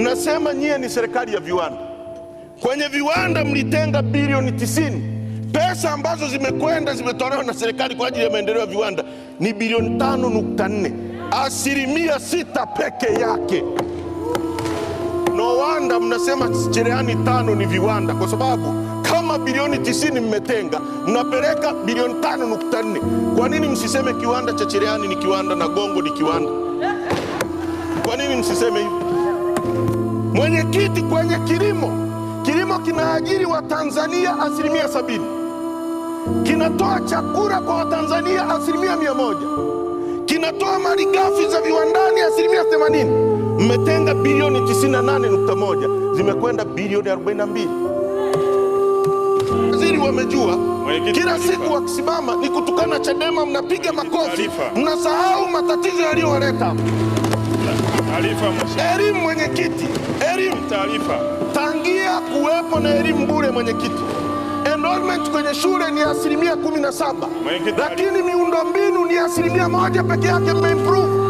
Mnasema nyie ni serikali ya viwanda. Kwenye viwanda mlitenga bilioni tisini. Pesa ambazo zimekwenda zimetolewa na serikali kwa ajili ya maendeleo ya viwanda ni bilioni tano nukta nne, asilimia sita peke yake. No wanda mnasema cherehani tano ni viwanda, kwa sababu kama bilioni tisini mmetenga mnapeleka bilioni tano nukta nne. Kwa nini msiseme kiwanda cha cherehani ni kiwanda na gongo ni kiwanda? Kwa nini msiseme hivyo? Mwenyekiti kwenye kilimo, kilimo kinaajiri Watanzania asilimia sabini, kinatoa chakula kwa Watanzania asilimia mia moja, kinatoa malighafi za viwandani asilimia themanini. Mmetenga bilioni 98.1 zimekwenda bilioni 42. Waziri wamejua kila siku wakisimama ni kutukana Chadema, mnapiga makofi, mnasahau matatizo yaliyowaleta. Elimu mwenyekiti, elimu taarifa. Tangia kuwepo na elimu bure mwenyekiti, enrollment kwenye shule ni asilimia kumi na saba, lakini miundombinu ni asilimia moja peke yake mmeimprove